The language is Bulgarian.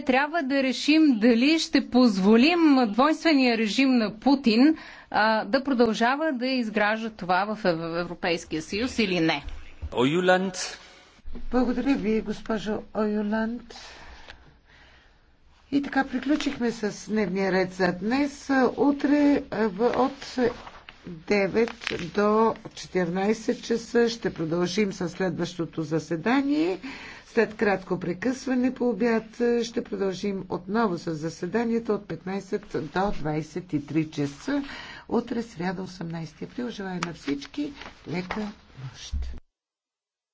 ние трябва да решим дали ще позволим двойствения режим на Путин а, да продължава да изгражда това в Европейския съюз или не. Оюланд. Благодаря ви, госпожо Оюланд. И така приключихме с дневния ред за днес. Утре от 9 до 14 часа. Ще продължим със следващото заседание. След кратко прекъсване по обяд ще продължим отново с заседанието от 15 до 23 часа. Утре сряда 18 април. Желая на всички лека нощ.